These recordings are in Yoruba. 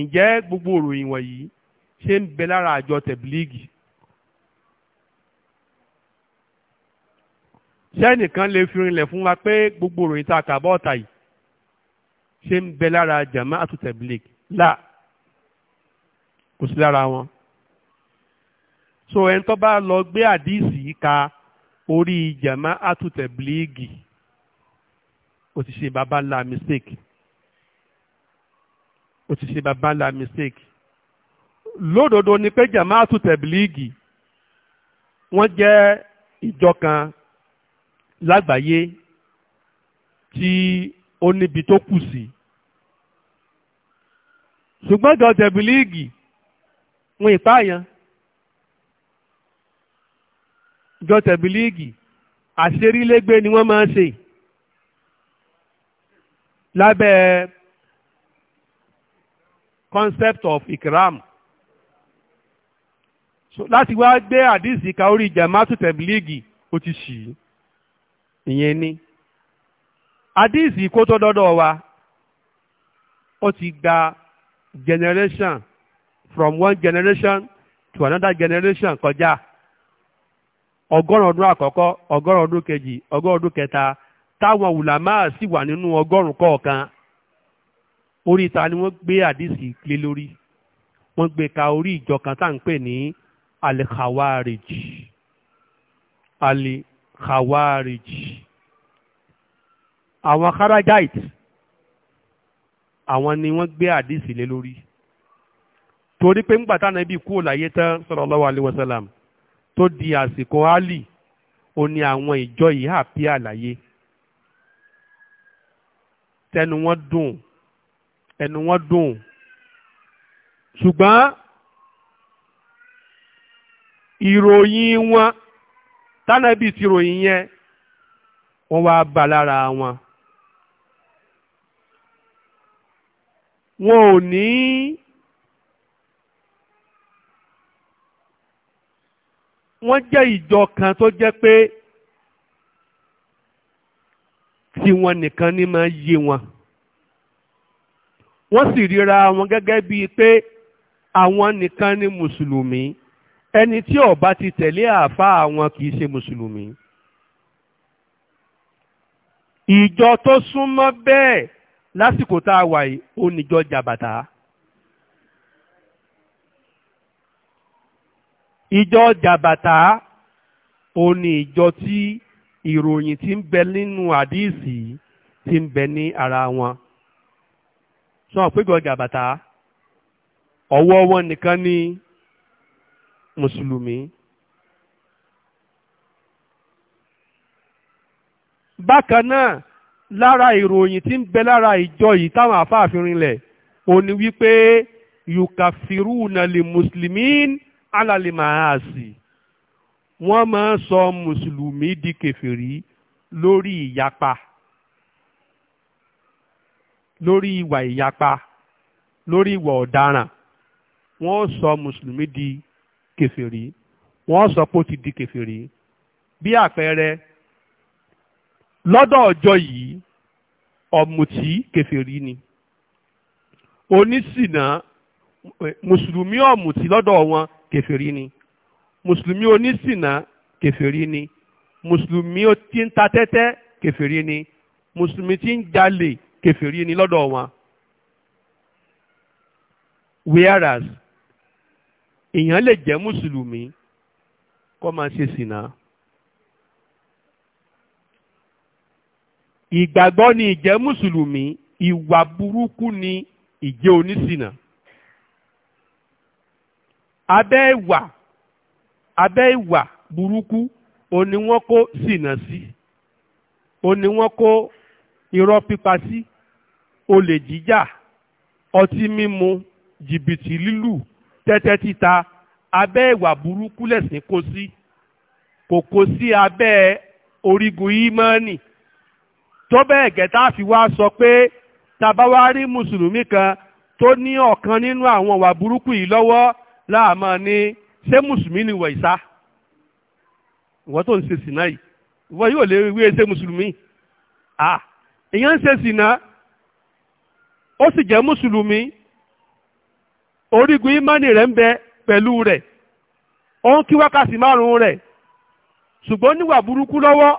ǹjẹ́ gbogbo òròyìn wọ̀nyí ṣé ń bẹ lára àjọ tẹ̀bílíìgì sẹ́nìkan lè fi rinlẹ̀ fún wa pé gbogbo òròyìn tá a kà bọ́ ọ̀tà yìí ṣé ń bẹ lára jama'atu tẹ̀bílíìgì là kò sí lára wọn so ẹni tó bá lọ gbé àdíìsì yìí ka orí jama'atu tẹ̀bílíìgì ó ti ṣe baba ńlá mistake ó ti ṣe bàbá ńlá mistake lódodo ni pé jamaatu tẹ̀bílíìgì wọ́n jẹ́ ìjọ kan lágbàáyé tí ó níbi tó kù sí ṣùgbọ́n ìjọ tẹ̀bílíìgì wọn ìpáàyàn ìjọ tẹ̀bílíìgì àṣerílégbé ni wọ́n máa ń ṣe lábẹ́ concept of ikram so láti wá gbé àdìsí ka orí jamaatu tẹ̀blígì ó ti ṣì í ìyẹn ni kó tó dọ́dọ̀ wa ó ti gba generation from one generation to another generation kọjá ọgọ́rùn ọdún àkọ́kọ́ ọgọ́rùn ọdún kejì ọgọ́rùn ọdún kẹta táwọn wùlámáà sì wà nínú ọgọ́rùn kọ̀ọ̀kan. orí ta ni wọ́n gbé àdìsí lé lórí wọ́n gbé ka orí ìjọ kan tá à ń pè ní alikawarij alikawarij àwọn karajite àwọn ni wọ́n gbé àdìsí lé lórí torí pé ńgbà táwọn ẹbí kúrò láyé tán sallallahu alaihi wasallam tó di àsìkò ali ó ní àwọn ìjọ yìí àpí àlàyé tẹnu wọn dùn ẹnu wọn dùn ṣùgbọ́n ìròyìn wọn tánàbì ti ròyìn yẹn wọ́n wá bá lára wọn. wọn ò ní wọ́n jẹ́ ìjọ kan tó jẹ́ pé tiwọn nìkan ni máa yé wọn wọ́n sì ríra wọn gẹ́gẹ́ bíi pé àwọn nìkan ni mùsùlùmí ẹni tí ó bá ti tẹ̀lé àáfàá àwọn kì í ṣe mùsùlùmí. ìjọ tó súnmọ́ bẹ́ẹ̀ lásìkò tá a wà yìí ó níjọ jàbàtà. ìjọ jàbàtà ó ní ìjọ tí ìròyìn tí ń bẹ nínú àdíìsì tí ń bẹ ní ara wọn sọ péjọ gàbàtà ọwọ́ wọn nìkan ní mùsùlùmí. bákan náà lára ìròyìn tí ń bẹ lára ìjọ yìí táwọn àfáàfin rinlẹ̀ ó wípé yukafiru nali muslimin alalimaasi wọ́n máa ń sọ mùsùlùmí di kèfèrí lórí ìyapa lórí ìwà ìyapa lórí ìwà ọ̀daràn wọ́n sọ mùsùlùmí di kèfèrí wọ́n sọ pé ó ti di kèfèrí bí àpẹẹrẹ lọ́dọ̀ ọjọ́ yìí ọ̀mùtí kèfèrí ni onísìnà mùsùlùmí ọ̀mùtí lọ́dọ̀ wọn kèfèrí ni mùsùlùmí onísìnà kèfèrí ni mùsùlùmí tí ń ta tẹ́tẹ́ kèfèrí ni mùsùlùmí tí ń jalè kèfèrí ni lọ́dọ̀ wọn whereas èèyàn lè jẹ́ mùsùlùmí kó máa ṣe sìnà. ìgbàgbọ́ ni ìjẹ́ mùsùlùmí ìwà burúkú ni ìjẹ́ onísìnà abẹ́ ìwà abẹ́ ìwà burúkú ó ní wọ́n kó sìnà sí ó wọ́n kó irọ́ pípa sí olè jíjà ọtí mímu jìbìtì lílù tẹ́tẹ́ títa abẹ́ ìwà burúkú lẹ̀sìn kó sí kò kó sí abẹ́ orígun ímánì tó bẹ́ẹ̀ gẹ́tà fi wá sọ pé tàbá wá rí mùsùlùmí kan tó ní ọ̀kan nínú àwọn ìwà burúkú yìí lọ́wọ́ láàmọ́ ni ṣé mùsùlùmí ni wọ̀ ìsá ìwọ tó ń ṣe sìnà yìí ìwọ yóò lè wí ṣe mùsùlùmí à èèyàn ń ṣe sìnà ó sì jẹ́ mùsùlùmí orígun ìmánì rẹ̀ ń bẹ pẹ̀lú rẹ̀ ó ń kí wákàtí márùn-ún rẹ̀ ṣùgbọ́n níwà burúkú lọ́wọ́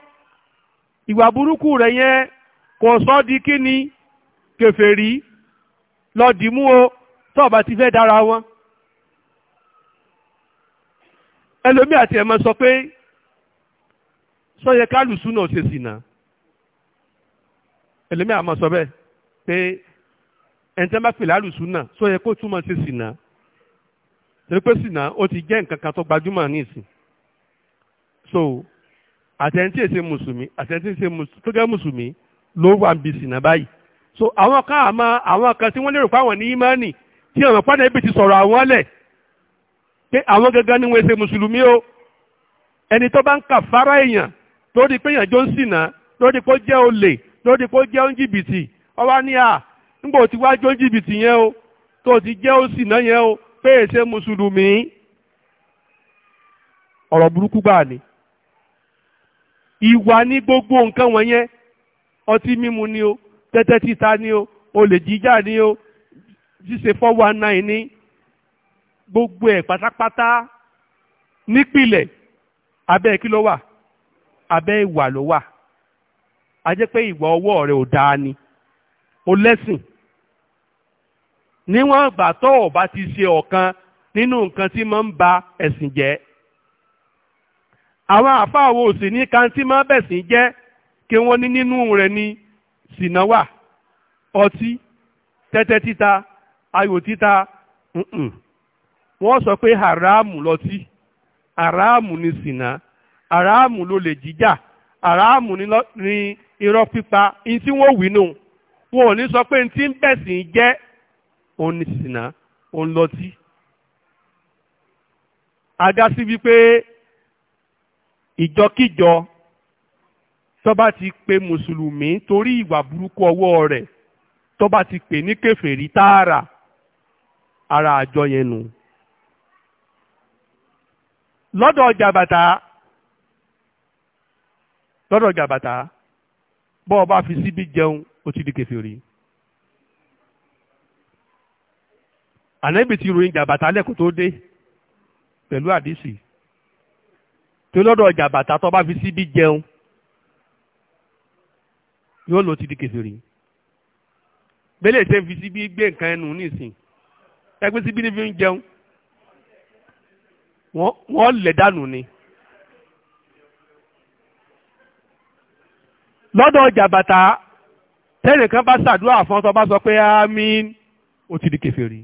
ìwà burúkú rẹ̀ yẹn kò sọ di kí ni kèfèrí lọ dìímú o tọ́ọ̀bá ti fẹ́ dára wọn ẹlòmí àti ẹ̀mọ sọ pé sọ́yẹ kálùsù náà ṣe sì náà ẹlòmí àmọ́ sọ bẹ́ẹ̀ pé ẹni tẹ́ bá pè lálùsùn náà sọ yẹ kó túmọ̀ sí sìnà torí pé ó ti jẹ́ nǹkan kan tó gbajúmọ̀ ní ìsìn so àtẹ̀ntì èsè mùsùlùmí àtẹ̀ntì èsè tó jẹ́ mùsùlùmí ló wà ń bi sìnà báyìí so àwọn kan àmọ́ àwọn kan tí wọ́n lérò pé àwọn ní ímánì tí àwọn pàdé ibi ti sọ̀rọ̀ àwọn lẹ̀ pé àwọn gangan ni wọ́n mùsùlùmí o ẹni tó bá ń kà fara èèyàn lórí pé èèyàn jó ń sìnà lórí pé ó jẹ́ olè lórí pé ó jẹ́ wá ní à ńgbò tí wá jó jìbìtì yẹn o tó ti jẹ́ ó sì náà yẹn o pé èsè mùsùlùmí ọ̀rọ̀ burúkú gbà ni ìwà ní gbogbo nǹkan wọ̀nyẹn ọtí mímu ni o tẹ́tẹ́ títa ni o olè jíjà ni o ṣíṣe four one nine ní gbogbo ẹ̀ pátápátá nípìlẹ̀ abẹ́ kí ló wà abẹ́ ìwà ló wà a jẹ́ pé ìwà ọwọ́ rẹ̀ ò dáa ni o lẹ́sìn níwọ̀n ìgbà tó o bá ti ṣe ọ̀kan nínú nǹkan tí máa ń ba ẹ̀sìn jẹ́ àwọn àfáà wo sì ní kan tí máa bẹ̀sìn jẹ́ kí wọ́n ní nínú rẹ̀ ní sinawa ọtí tẹ́tẹ́ títa ayò títa wọ́n sọ pé haramu lọtí haramu ni sìná haramu ló lè jíjà haramu ni irọ́ pípa ní tí wọ́n wí nù wọn ò ní sọ pé ní tí ń bẹ̀sìn jẹ́ ó ń ṣìnà ó ń lọ́tí. àga sí wípé ìjọkíjọ tó ti pe mùsùlùmí torí ìwà burúkú ọwọ́ rẹ̀ tó bá ti pè ní kèfèrí tààrà ara àjọ yẹn nù. lọ́dọ̀ jàbàtà lọ́dọ̀ jàbàtà bọ́ọ̀ bá fi síbí jẹun ó ti di kèfèrí. ànábì ti ròyìn jàbàtà lẹ́kùn tó dé pẹ̀lú àdìsí tó lọ́dọ̀ jàbàtà tó bá fi síbí jẹun yóò lò ti di kèfèrí bẹ́lẹ̀ tẹ́ fi síbí gbé nǹkan ẹnu nísìn ẹgbẹ́ síbí ní fi ń jẹun wọ́n lẹ̀ dànù ni. lọ́dọ̀ jàbàtà tẹ́nìkan bá ṣàdúrà fún ọ tó bá sọ pé àmín ó ti di kèfèrí.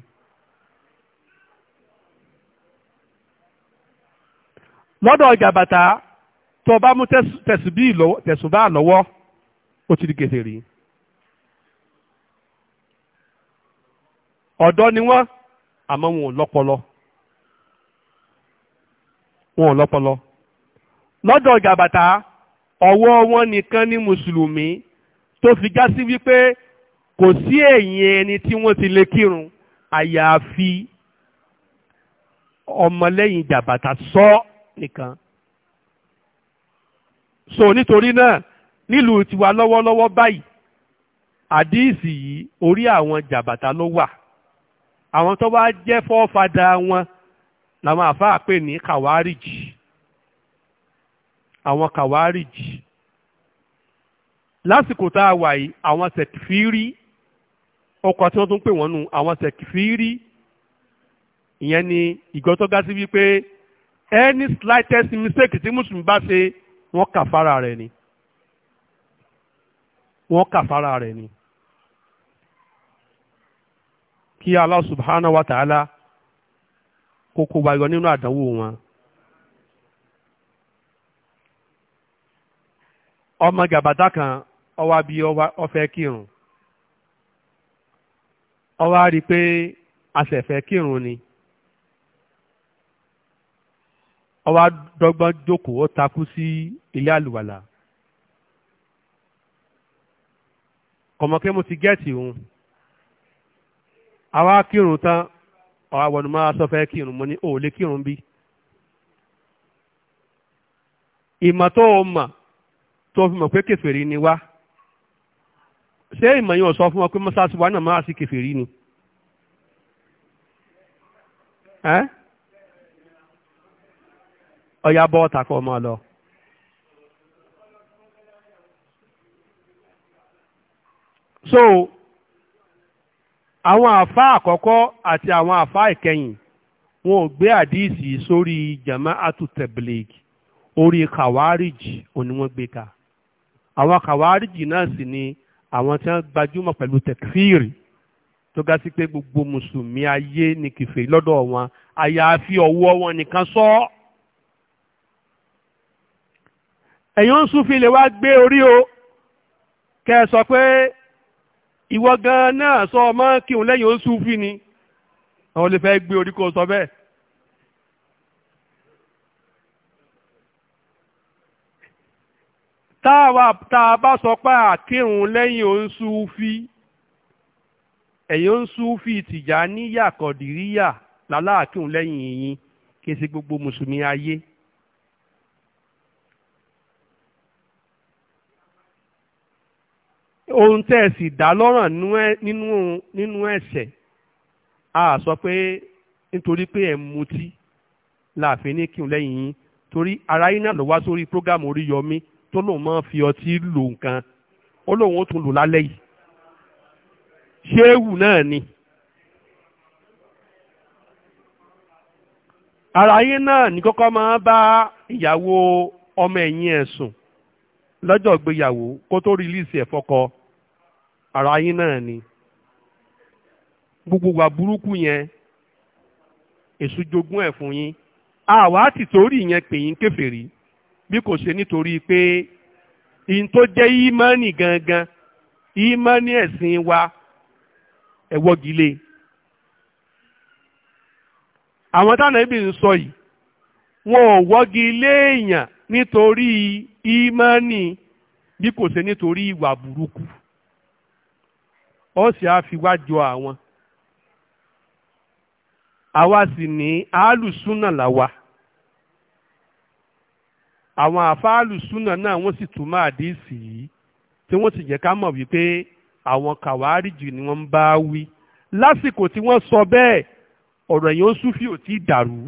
lọ́dọ̀ ọjà bàtà tó bá mú tẹ̀sùbá lọ́wọ́ ó ti di kèfèrí. ọ̀dọ́ ni wọ́n àmọ́ wọn ò lọ́pọlọ wọn ò lọ́pọlọ lọ́dọ̀ ọjà bàtà ọwọ́ wọn nìkan ní mùsùlùmí tó fi já sí wípé kò sí ẹ̀yìn ẹni tí wọ́n ti lè kírun àyàfi ọmọlẹ́yìn jàbàtà sọ. So, nìkan so nítorí náà nílùú tiwa lọ́wọ́lọ́wọ́ báyìí àdíìsì yìí orí àwọn jàbàtà ló wà àwọn tó bá jẹ́ fọ́fadà wọn làwọn àfáà pè ní kàwárìjì àwọn kàwárìjì lásìkò tá a wà yìí àwọn sẹ̀kìfìrí ọkọ̀ tí wọ́n tún pè wọ́n nù àwọn sẹ̀kìfìrí ìyẹn ni ìgbọ́ wípé any slightest mistake tí muslim bá ṣe wọ́n kà fara rẹ̀ ni wọn kà fara rẹ̀ ni. kí Allah subhanahu wa ta'ala kókó wáyọ nínú àdánwò wọn. ọmọ gàbàtà kan ọwá bí bi kírun ọwá rí i pé àṣẹ̀fẹ́ kírun ni. Ọwa wá joko o taku si sí ilé àlùwàlà kọ̀mọ̀kẹ́ mo ti gẹ́ẹ̀tì òun àwa kírun tán ọ̀wá wọnú máa sọ fẹ́ kírun mo ní ò lè kírun bí ìmọ̀ tó o mọ̀ tó o fi mọ̀ pé kèfèrí ni wá ṣé ìmọ̀ yìí ò sọ fún ọ pé wa náà máa sí kèfèrí ni. Eh? ọ̀yà bọ́ ọ̀tàkọ́ ọmọ lọ. so àwọn àfa àkọ́kọ́ àti àwọn àfa ìkẹyìn wọn ò gbé àdíìsì sórí jama'atu tabligh orí kàwáríjì òní wọ́n gbé ka àwọn kàwáríjì náà sì ni àwọn tí wọ́n gbajúmọ̀ pẹ̀lú tẹkfíìrì tó ga sí pé gbogbo mùsùlùmí ayé ni kìfèrí lọ́dọ̀ wọn àyàfi ọwọ́ wọn nìkan sọ ọ́. ẹ̀yin ń súnfì lè wá gbé orí o kẹ ẹ sọ pé ìwọ gan náà sọ ọmọ kíhun lẹ́yìn ó súnfì ni àwọn olè fẹ́ gbé orí kó sọ bẹ́ẹ̀. táwa tá a bá sọ pé àkírun lẹ́yìn ó ń súnfì ẹ̀yin ó ń súnfì tìjà níyà kọ̀dìríyà láláàkírun lẹ́yìn yìnyín kí n ṣe gbogbo mùsùlùmí ayé. ohun tẹ́ ẹ sì dá lọ́ràn nínú ẹ̀ṣẹ̀ a sọ pé nítorí pé ẹ̀ ń mutí láàfin ní kí n lẹ́yìn yín torí ara yín náà ló wá sórí prógámù Oríyọmí tó lóun máa fi ọtí lò nǹkan ó lóun ó tún lò lálẹ́ yìí ṣéwù náà ni. ara yín náà ní kọ́kọ́ máa bá ìyàwó ọmọ ẹ̀yìn ẹ̀ sùn lọ́jọ́ ìgbéyàwó kó tó rí líìsì ẹ̀ fọ́kọ ara yín náà ni gbogbo wa burúkú yẹn èṣù jogún fún yín àwa ti torí yẹn pè yín bí kò ṣe nítorí pé ìyìn tó jẹ́ ìmánì gangan ìmánì ẹ̀sìn wa ẹ̀wọ́gilé àwọn táwọn ẹbí ń sọ yìí wọn ò èèyàn nítorí kò ṣe nítorí ìwà ó sì á fi wá jọ àwọn àwa sì ní àálùsúnà làwa àwọn àfáàlùsúnà náà wọ́n sì tún máa dé sí i tí wọ́n sì jẹ́ ká mọ̀ wípé àwọn kàwáríjì ni wọ́n ń bá wí lásìkò tí wọ́n sọ bẹ́ẹ̀ ọ̀rọ̀ yẹn ó súnfì ò tí dàrú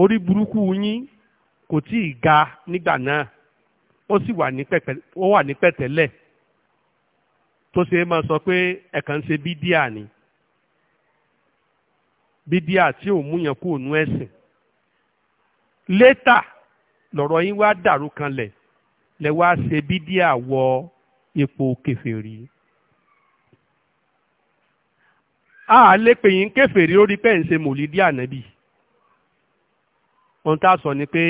orí burúkú yín kò tí ì ga nígbà náà ó sì wà ní pẹ̀tẹ́ ó wà ní pẹ̀tẹ́lẹ̀ tó ṣe é máa sọ pé ẹ̀kan ń ṣe bídíà ni bídíà tí ò múyàn kú ònú ẹ̀sìn létà lọ̀rọ̀ yín wá dàrú kanlẹ̀ lẹ wá ṣe bídíà wọ ipò kèfèrí a lè pè yín kèfèrí lórí pé ń ṣe mòlídì ànábì ohun tá a sọ ni pé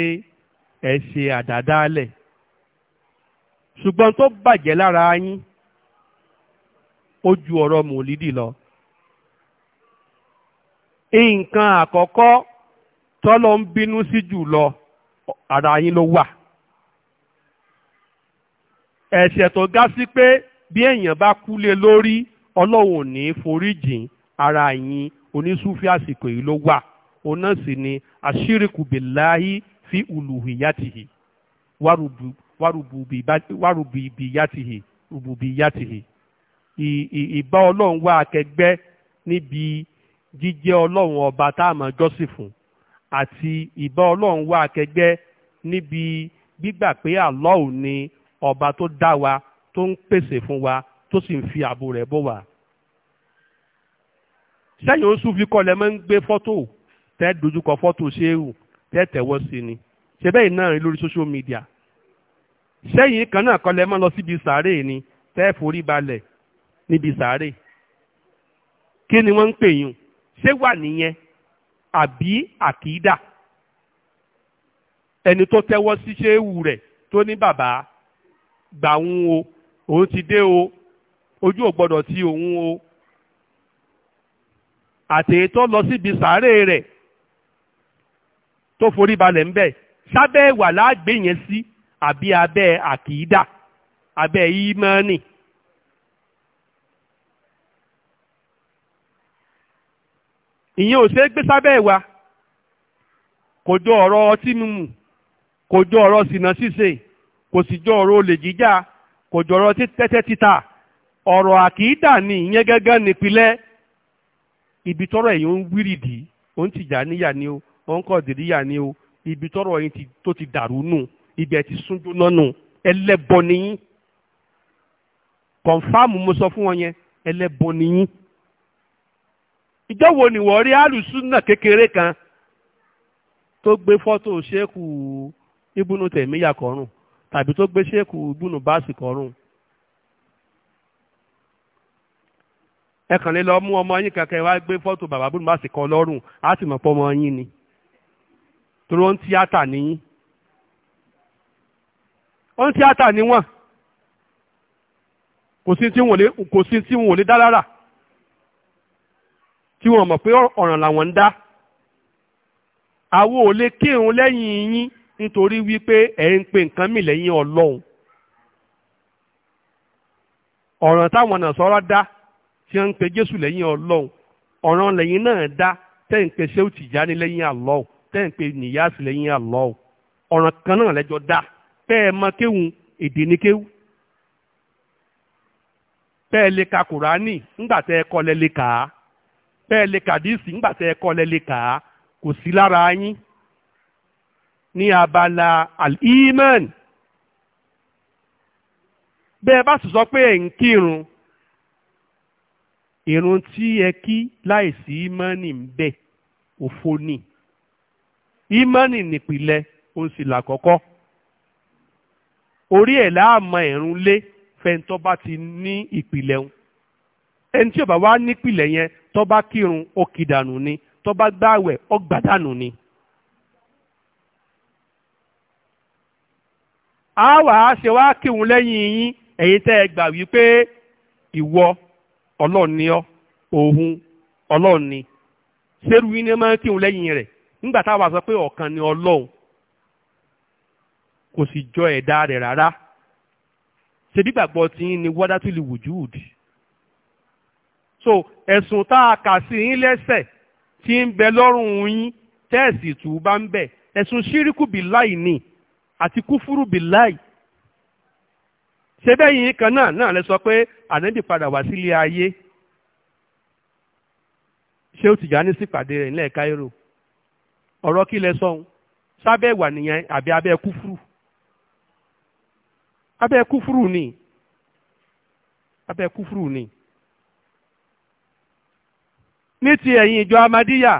ẹ ṣe àdádálẹ̀ ṣùgbọ́n tó bàjẹ́ lára yín ó ju ọ̀rọ̀ mòlídì lọ. nǹkan àkọ́kọ́ tọ́lọ ń bínú sí jù lọ ara yín ló wà. ẹ̀ṣẹ̀ tó ga sí pé bí èèyàn bá kúlé lórí ọlọ́run ò ní foríjìn ara yín onísúfí àsìkò yìí ló wà òun náà sì ni àṣírìkù bìláyí fi uluhiyatihi wárùbù wárùbùbìyàtìhì rùbùbìyàtìhì ìbá ọlọ́run wá akẹgbẹ́ níbi jíjẹ́ ọlọ́run ọba tá a máa jọ́sìn fún àti ìbá ọlọ́run wá akẹgbẹ́ níbi gbígbà pé àlọ́ọ̀ ni ọba tó dá wa tó ń pèsè fún wa tó sì ń fi ààbò rẹ̀ bò wá. sẹ́yìn oṣù fi máa ń gbé fọ́tò tẹ́ dojúkọ fọ́tò ṣéwù tẹ́ tẹ̀wọ́ sí ni ṣe bẹ́ẹ̀ náà rí lórí social media sẹ́yìn kan náà kọ́ lẹ mọ́ lọ síbi sàárè ni tẹ́ forí balẹ̀ níbi sàárè kí ni wọ́n ń pè yín ṣé wà nìyẹn àbí àkìdá ẹni tó tẹ́wọ́ sí ṣéwù rẹ̀ tó ní bàbá gbà ń o òun ti dé o ojú ò gbọ́dọ̀ ti òun o àtẹ̀yẹ́tọ́ lọ síbi sàárè rẹ̀ tó forí balẹ̀ ń bẹ̀ sábẹ́ wà láàgbé yẹn sí. Si àbí abẹ́ àkìídà abẹ́ ìmánì. ìyẹn ò ṣeé gbé sábẹ́ ìwà kò jọ ọ̀rọ̀ ọtí mímu kò jọ ọ̀rọ̀ sìnà ṣíṣe kò sì jọ ọ̀rọ̀ olè jíjà kò jọ ọ̀rọ̀ tẹ́tẹ́ títà ọ̀rọ̀ àkìídà ni ìyẹn gángan nípìnlẹ̀ ibi tọ́rọ̀ èyí ń wírìdì ó ń tìjà níyà ni ó ó ń dìríyà ni ó ibi tó ti dàrú nù. ibi ẹ̀ ti súnjú lọ́nù ẹlẹ́bọ nìyí kọ̀ǹfàmù mo sọ fún wọn yẹn ẹlẹ́bọ nìyí ìjọ wo ni wọ́n rí alùsùnà kékeré kan tó gbé fọ́tò ṣéèkù ibùnú tẹ̀míyà kọrùn tàbí tó gbé ṣéèkù ibùnú báàsì kọrùn ẹ kàn lè lọ mú ọmọ yín kankan wá gbé fọ́tò bàbá bùnú báàsì kọ lọ́rùn á sì mọ̀ pọ́ ọmọ yín ni tó ló ń tíátà nìyí. ọ́n tíátà ni wọ́n kò sí tí wọn ò dá lára tí wọn mọ̀ pé ọ̀ràn làwọn ń dá àwo ò lè kírun lẹ́yìn yín nítorí wípé ẹ̀ ń pe nǹkan mì lẹ́yìn ọlọ́run ọ̀ràn táwọn nàṣọ́rọ́ dá tí wọ́n ń jésù lẹ́yìn ọlọ́run ọ̀ràn lẹ́yìn náà dá ṣé lẹ́yìn pẹ́ ẹ mọ kéwù èdè ní kéwù pẹ́ ẹ lè ka kùránì ńgbà tẹ́ ẹ kọ́lẹ̀ lè kà á pẹ́ ẹ lè kàdísì ńgbà tẹ́ ẹ kọ́lẹ̀ lè kà á kò sí lára yín ní abala al-iman bẹ́ẹ̀ bá sì sọ pé ẹ̀ ń kírun ìrun tí ẹ kí láìsí ìmánì ń bẹ òfo ni ìmánì nìpìlẹ̀ òun sì orí ẹ̀ láàmọ ẹ̀rún lé fẹ́ntọ́ bá ti ní ìpìlẹ̀ ń ẹni tí ó wá nípìlẹ̀ yẹn tó bá kírun ó ni tọ́ba bá gbààwẹ̀ dànù ni. a wà á ṣe wá kírun lẹ́yìn yín ẹ̀yin tẹ́ ẹ gbà wípé ìwọ ọlọ́run ọ òun ọlọ́ọ̀ni ni ṣerú yín ni máa ń kírun lẹ́yìn rẹ̀ nígbà táwa sọ pé ọ̀kan ni ọlọ́run kò sì jọ ẹ̀dá rẹ̀ rárá ṣebí gbàgbọ́ tí ń ni wádá tún lè wùjú òdì so ẹ̀sùn tá a kà sí yín lẹ́sẹ̀ tí ń bẹ lọ́rùn yín tẹ́ẹ̀sì tù bá ń bẹ̀ ẹ̀sùn ṣíríkù bí láì ni àti kúfúrú bí láì ṣebẹ́ yìí kan náà náà lẹ sọ pé ànábì padà wá sílé ayé ṣé ó Tìjàní sípàdé rẹ̀ nílẹ̀ Cairo ọ̀rọ̀ kí lẹ sọ́hun sábẹ́ ìwà nìyẹn àbí abẹ́ kúfúrú abẹ́ kufuru ni abẹ́ kufuru ni ní ti ẹ̀yìn ìjọ amadíyà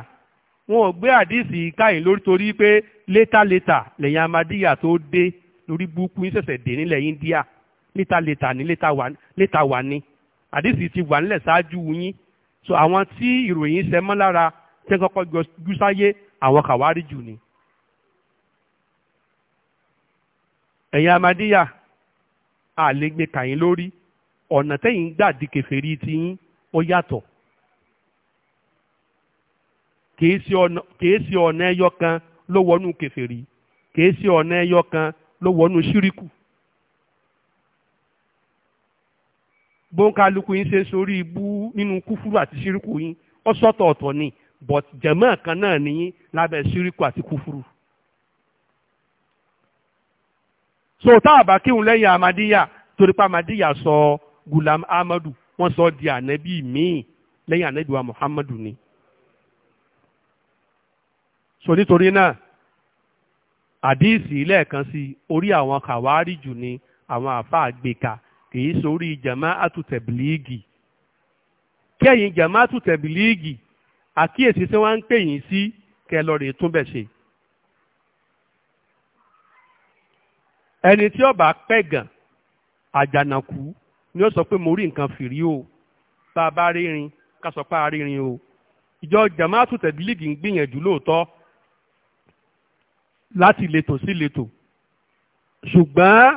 wọn ò gbé àdísì káyìn lórí torí pé létà létà lẹ́yìn amadíyà tó dé lórí burúkú yín ṣẹ̀ṣẹ̀ dé nílẹ̀ India létà létà ní létà wà ní àdísì ti wà nílẹ̀ ṣáájú yín so àwọn tí ìròyìn ṣẹ mọ́ lára tẹ́ kọ́kọ́ gúsáyé àwọn kàwárí jù ni ẹ̀yìn amadíyà àlégbé kàyín lórí ọ̀nà tẹ́yìn gbà di kèfèrí ti yín ó yàtọ̀ kìí sí ọ̀nà ẹyọ kan ló wọnú kèfèrí kìí ṣe ọ̀nà ẹyọ kan ló wọnú ṣíríkù bóńkálukú yín ṣe ń sorí ibú nínú kúfúrú àti ṣíríkù yín ó ni kan náà nìyí lábẹ́ ṣíríkù àti kúfúrú. so tá a bá kírun lẹ́yìn amadiya torí pé amadiya sọ gulam amadu wọ́n sọ di ànábì míì lẹ́yìn ànábì muhammadu ni. so nítorí náà àdíìsì lẹ́ẹ̀kan sí orí àwọn kàwárí jù ni àwọn àfáà gbé ka kì í sórí jama'atu tablighi kẹ́yìn jama'atu tablighi àkíyèsí tí wọ́n ń pè yín sí kẹ́ túnbẹ̀ ṣe. ẹni tí ó bá pẹ̀gàn àjànàkú ni ó sọ pé mo rí nǹkan fìrí o tá a bá rírin ká sọ pé a rírin o ìjọ jamaatu tẹ̀bílíìgì ń gbìyànjú lóòótọ́ láti lètò sí lètò ṣùgbọ́n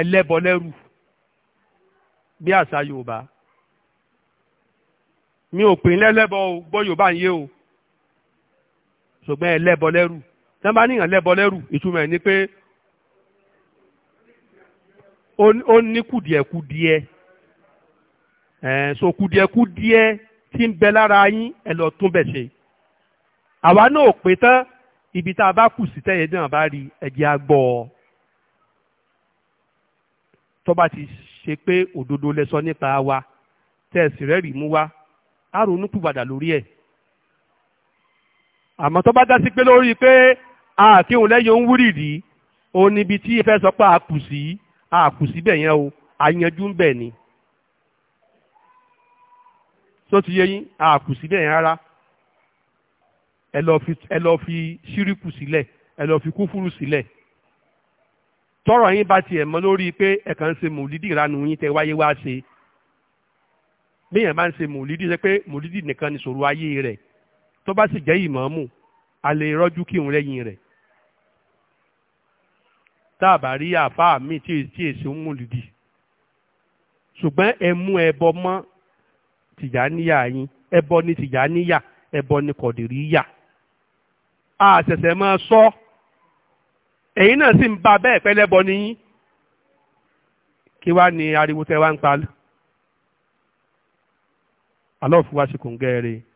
ẹlẹ́bọlẹ́rù bí àṣà Yorùbá mi ò pè ń o gbọ́ Yorùbá ń o ṣùgbọ́n ẹ lẹ́bọ lẹ́rù tí wọ́n bá níyàn lẹ́bọ lẹ́rù ìtumọ̀ ẹ̀ ni pé ó ní kùdìẹ̀kùdìẹ ẹ̀ so kùdìẹ̀kùdìẹ tí ń bẹ lára yín ẹ lọ tún bẹ̀ ṣe àwa náà pé tán ibi tá a bá kù sí tẹ́yẹ náà bá rí ẹ̀jẹ̀ agbọ́ tó bá ti ṣe pé òdodo lẹ sọ nípa wa tẹ́ẹ̀sì rẹ̀ rí mú wa á ronú pìwàdà lórí ẹ̀ àmọ́ tó bá dá sí pé lórí pé àkíhùn lẹ́yìn òun wúrì rí òun níbi tí ìfẹ́ sọ pé àkù sí àkù síbẹ̀ yẹn o àyanjú ń bẹ̀ ni tó ti yé yín àkù síbẹ̀ yẹn rárá ẹ lọ fi ẹ lọ fi ṣíríkù sílẹ̀ ẹ lọ fi kúfúrú sílẹ̀ tọrọ yín bá tiẹ̀ mọ́ lórí pé ẹ̀kan ń ṣe mòlídì ìranu yín tẹ wáyé wá ṣe bí yẹn bá ń ṣe mòlídì ṣe pé mòlídì nìkan ni ṣòro ayé rẹ̀ tó bá sì jẹ́ ìmáàmù a lè rọ́jú kírun lẹ́yìn rẹ̀ tá a bá rí àáfàá mi tí èsì ń múlùdì ṣùgbọ́n ẹ mú ẹbọ mọ́ tìjàníyà yín ẹbọ ni tìjàníyà ẹbọ ni kọ̀dìríyà a ṣẹ̀ṣẹ̀ máa sọ ẹ̀yin náà sì ń ba bẹ́ẹ̀ pẹ́lẹ́bọ ni yín kí wá ni ariwo tẹ́ wá ń pa alọ́ fún wa ṣe kò ń gẹ́